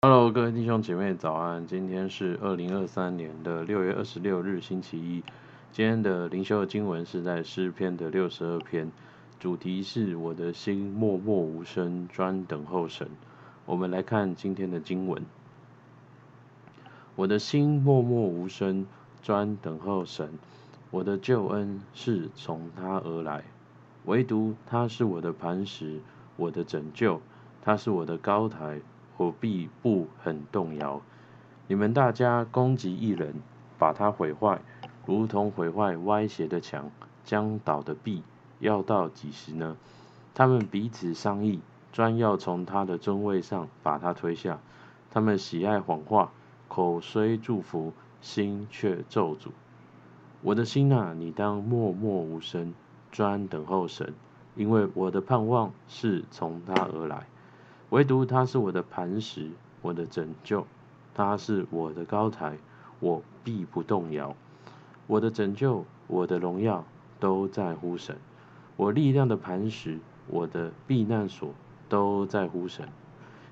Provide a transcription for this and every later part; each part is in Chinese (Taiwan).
哈嘍各位弟兄姐妹，早安！今天是二零二三年的六月二十六日，星期一。今天的靈修的經文是在詩篇的六十二篇，主題是我的心默默無聲，專等候神。我們來看今天的經文：我的心默默無聲，專等候神。我的救恩是從他而來，唯獨他是我的磐石，我的拯救，他是我的高台。我必不很動搖。你們大家攻擊一人，把他毀壞，如同毀壞歪斜的牆，將倒的壁，要到幾時呢？他們彼此商議，專要從他的尊位上把他推下。他們喜愛謊話，口雖祝福，心卻咒詛。我的心哪，你當默默無聲，專等候神，因為我的盼望是從他而來。唯獨他是我的磐石，我的拯救，他是我的高臺，我必不動搖。我的拯救，我的榮耀都在乎神，我力量的磐石，我的避難所都在乎神。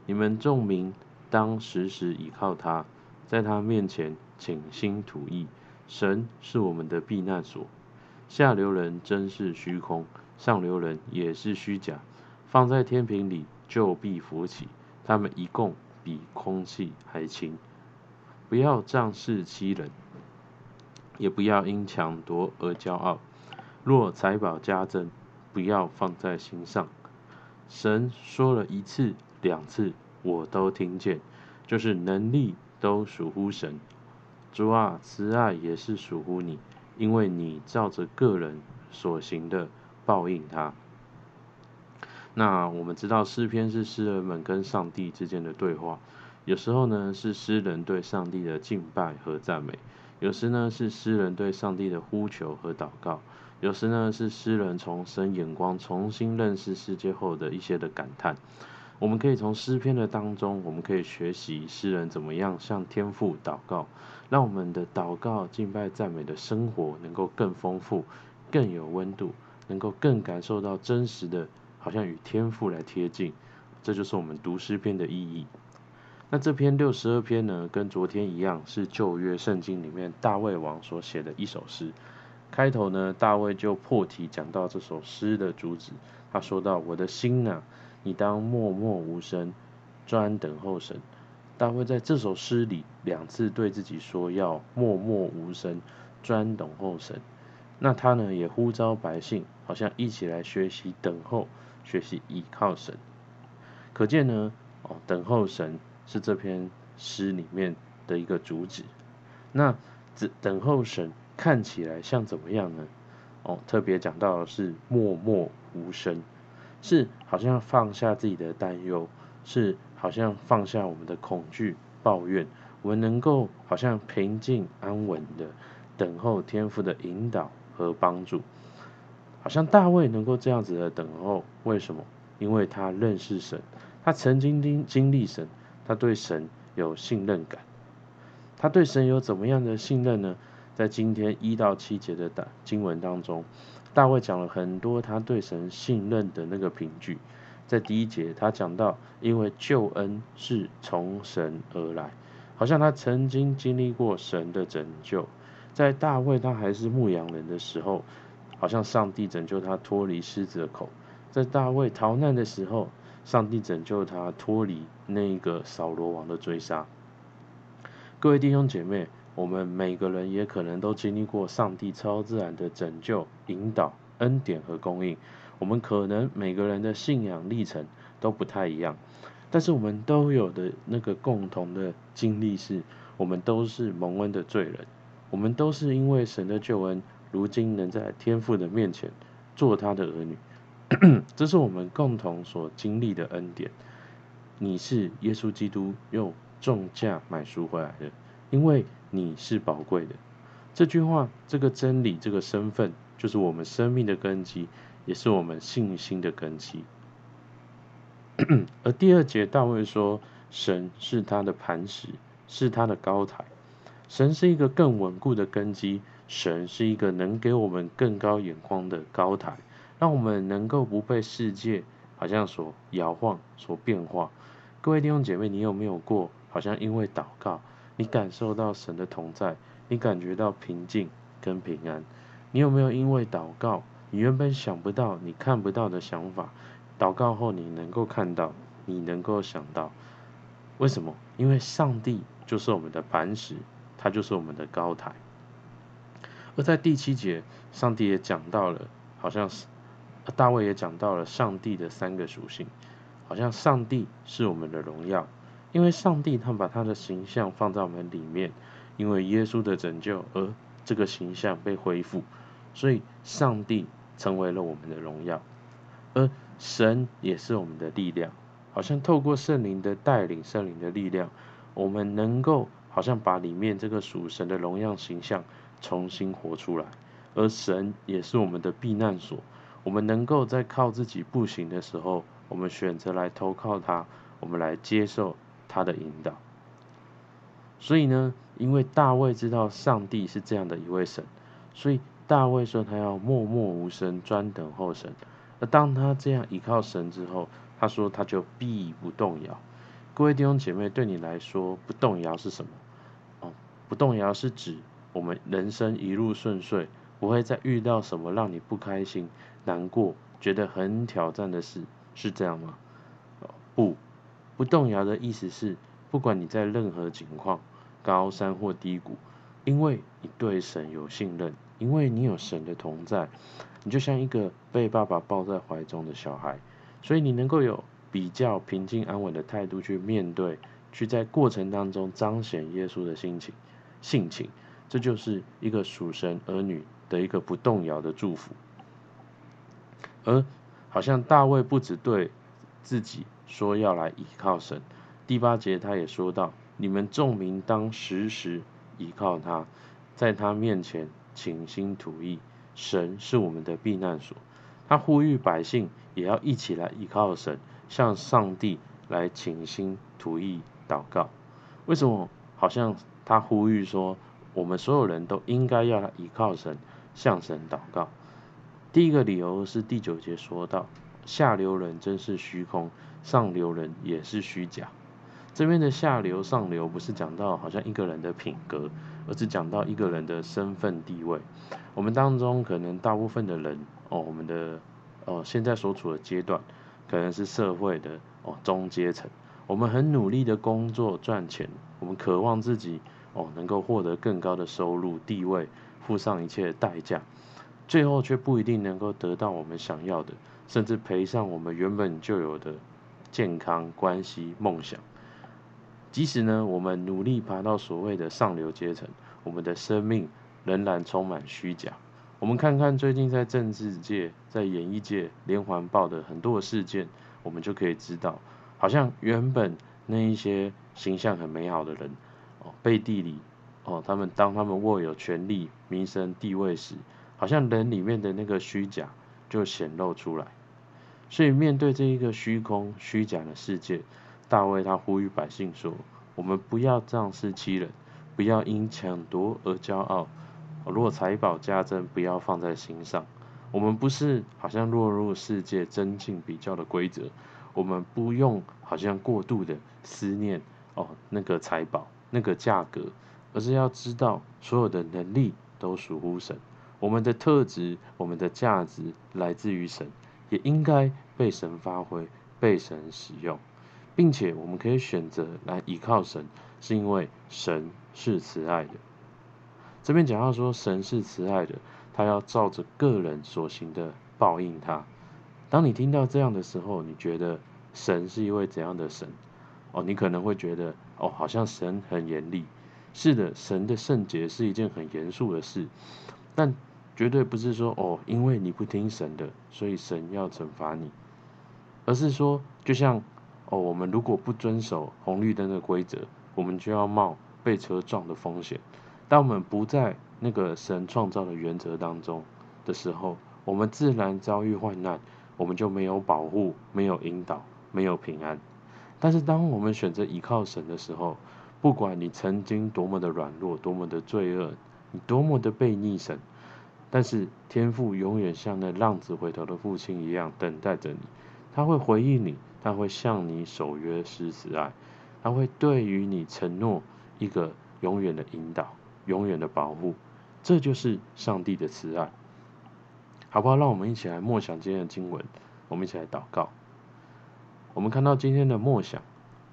你們眾民當時時倚靠他，在他面前傾心吐意。神是我們的避難所。下流人真是虛空，上流人也是虛假，放在天平裡。就必浮起，他們一共比空氣還輕。不要仗勢欺人，也不要因搶奪而驕傲。若財寶加增，不要放在心上。神說了一次、兩次，我都聽見，就是能力都屬乎神。主啊，慈愛也是屬乎你，因為你照着各人所行的報應他。那我們知道詩篇是詩人們跟上帝之間的對話，有時候呢是詩人對上帝的敬拜和讚美，有時呢是詩人對上帝的呼求和禱告，有時呢是詩人從神眼光重新認識世界後的一些的感嘆。我們可以從詩篇的當中，我們可以學習詩人怎麼樣向天父禱告，讓我們的禱告、敬拜、讚美的生活能夠更豐富、更有溫度，能夠更感受到真實的。好像與天父來貼近，這就是我們讀詩篇的意義。那這篇六十二篇呢，跟昨天一樣，是舊約聖經裡面大衛王所寫的一首詩。開頭呢，大衛就破題講到這首詩的主旨。他說道，我的心哪，你當默默無聲，專等候神。大衛在這首詩裡兩次對自己說要默默無聲，專等候神。那他呢，也呼召百姓，好像一起來學習等候。學習倚靠神，可見呢，哦，等候神是這篇詩裡面的一個主旨那。那等等候神看起來像怎麼樣呢？哦，特別講到的是默默無聲，是好像放下自己的擔憂，是好像放下我們的恐懼、抱怨，我們能夠好像平靜安穩的等候天父的引導和幫助。好像大衛能夠這樣子的等候，為什麼？因為他認識神，他曾經經經歷神，他對神有信任感。他對神有怎麼樣的信任呢？在今天一到七節的經文當中，大衛講了很多他對神信任的那個憑據。在第一節，他講到，因為救恩是從神而來，好像他曾經經歷過神的拯救。在大衛他還是牧羊人的時候。好像上帝拯救他脫離獅子的口，在大衛逃難的時候，上帝拯救他脫離那個掃羅王的追殺。各位弟兄姐妹，我們每個人也可能都經歷過上帝超自然的拯救、引導、恩典和供應。我們可能每個人的信仰歷程都不太一樣，但是我們都有的那個共同的經歷是，我們都是蒙恩的罪人，我們都是因為神的救恩。如今能在天父的面前做他的兒女， 這是我們共同所經歷的恩典。你是耶穌基督用重價買贖回來的，因為你是寶貴的。這句話、這個真理、這個身份，就是我們生命的根基，也是我們信心的根基。 而第二節大衛說：“神是他的磐石，是他的高台。神是一個更穩固的根基。”神是一個能給我們更高眼光的高臺，讓我們能夠不被世界好像所搖晃、所變化。各位弟兄姐妹，你有沒有過好像因為禱告，你感受到神的同在，你感覺到平靜跟平安？你有沒有因為禱告，你原本想不到、你看不到的想法，禱告後你能夠看到，你能夠想到？為什麼？因為上帝就是我們的磐石，他就是我們的高臺。而在第七節，上帝也講到了，好像是大衛也講到了上帝的三個屬性，好像上帝是我們的榮耀，因為上帝他把他的形象放在我們裡面，因為耶穌的拯救而這個形象被恢復，所以上帝成為了我們的榮耀，而神也是我們的力量，好像透過聖靈的帶領、聖靈的力量，我們能夠好像把裡面這個屬神的榮耀形象，重新活出來，而神也是我們的避難所。我們能夠在靠自己不行的時候，我們選擇來投靠他，我們來接受他的引導。所以呢，因為大衛知道上帝是這樣的一位神，所以大衛說他要默默無聲，專等候神。而當他這樣倚靠神之後，他說他就必不動搖。各位弟兄姐妹，對你來說不動搖是什麼？哦，不動搖是指。我們人生一路順遂，不會再遇到什麼讓你不開心、難過、覺得很挑戰的事，是這樣嗎？不，不動搖的意思是，不管你在任何情況，高山或低谷，因為你對神有信任，因為你有神的同在，你就像一個被爸爸抱在懷中的小孩，所以你能夠有比較平靜安穩的態度去面對，去在過程當中彰顯耶穌的心情、性情。這就是一個屬神兒女的一個不動搖的祝福。而好像大衛不只對自己說要來依靠神，第八節他也說道：“你們眾民當時時依靠他，在他面前傾心吐意。神是我們的避難所。”他呼籲百姓也要一起來依靠神，向上帝來傾心吐意禱告。為什麼？好像他呼籲說。我們所有人都應該要倚靠神，向神禱告。第一個理由是第九節說到，下流人真是虛空，上流人也是虛假。這邊的下流、上流不是講到好像一個人的品格，而是講到一個人的身份地位。我們當中可能大部分的人，哦，我們的哦，現在所處的階段可能是社會的哦中階層。我們很努力的工作賺錢，我們渴望自己。哦，能夠獲得更高的收入、地位，付上一切代價，最後卻不一定能夠得到我們想要的，甚至賠上我們原本就有的健康、關係、夢想。即使呢，我們努力爬到所謂的上流階層，我們的生命仍然充滿虛假。我們看看最近在政治界、在演藝界連環爆的很多事件，我們就可以知道，好像原本那一些形象很美好的人。背地裡，哦，他們當他們握有權力、名聲、地位時，好像人裡面的那個虛假就顯露出來。所以，面對這一個虛空、虛假的世界，大衛他呼籲百姓說：“我們不要仗勢欺人，不要因搶奪而驕傲。哦，若財寶加增，不要放在心上。我們不是好像落入世界爭競比較的規則。我們不用好像過度的思念哦那個財寶。”那個價格，而是要知道所有的能力都屬乎神，我們的特質、我們的價值來自於神，也應該被神發揮、被神使用，並且我們可以選擇來倚靠神，是因為神是慈愛的。這邊講到說，神是慈愛的，他要照着各人所行的報應他。當你聽到這樣的時候，你覺得神是一位怎樣的神？哦，你可能會覺得。哦，好像神很嚴厲，是的，神的聖潔是一件很嚴肅的事，但絕對不是說哦，因為你不聽神的，所以神要懲罰你，而是說，就像哦，我們如果不遵守紅綠燈的規則，我們就要冒被車撞的風險。當我們不在那個神創造的原則當中的時候，我們自然遭遇患難，我們就沒有保護，沒有引導，沒有平安。但是，當我們選擇倚靠神的時候，不管你曾經多麼的軟弱、多麼的罪惡、你多麼的背逆神，但是天父永遠像那浪子回頭的父親一樣等待着你。他會回應你，他會向你守約施慈愛，他會對於你承諾一個永遠的引導、永遠的保護。這就是上帝的慈愛，好不好？讓我們一起來默想今天的經文，我們一起來禱告。我們看到今天的默想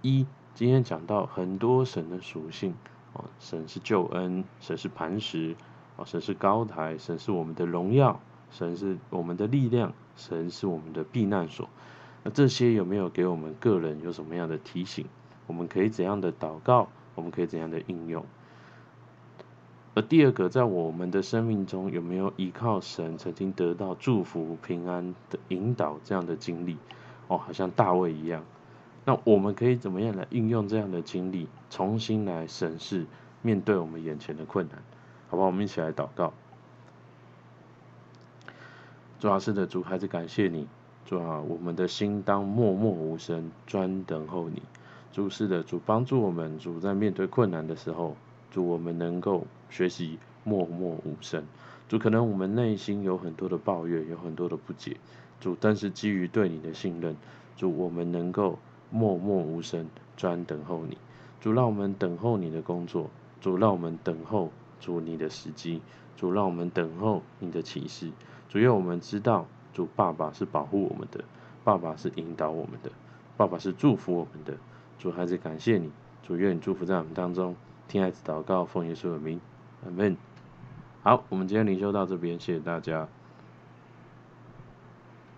一，今天講到很多神的屬性，哦，神是救恩，神是磐石，哦，神是高台，神是我們的榮耀，神是我們的力量，神是我們的避難所。那這些有沒有給我們個人有什麼樣的提醒？我們可以怎樣的禱告？我們可以怎樣的應用？而第二個，在我們的生命中，有沒有依靠神曾經得到祝福、平安的引導這樣的經歷？哦，好像大衛一樣，那我們可以怎麼樣來運用這樣的經歷，重新來審視面對我們眼前的困難，好不好？我們一起來禱告。主啊，是的主，還是感謝你，主啊，我們的心當默默無聲，專等候你。主是的主，幫助我們，主在面對困難的時候，主我們能夠學習默默無聲。主可能我們內心有很多的抱怨，有很多的不解。主，但是基於對你的信任，主，我們能夠默默無聲，專等候你。主，讓我們等候你的工作。主，讓我們等候主你的時機。主，讓我們等候你的啟示。主，願我們知道，主爸爸是保護我們的，爸爸是引導我們的，爸爸是祝福我們的。主，孩子感謝你。主，願祝福在我們當中。聽孩子禱告，奉耶穌的名，阿門。好，我們今天靈修到這邊，謝謝大家。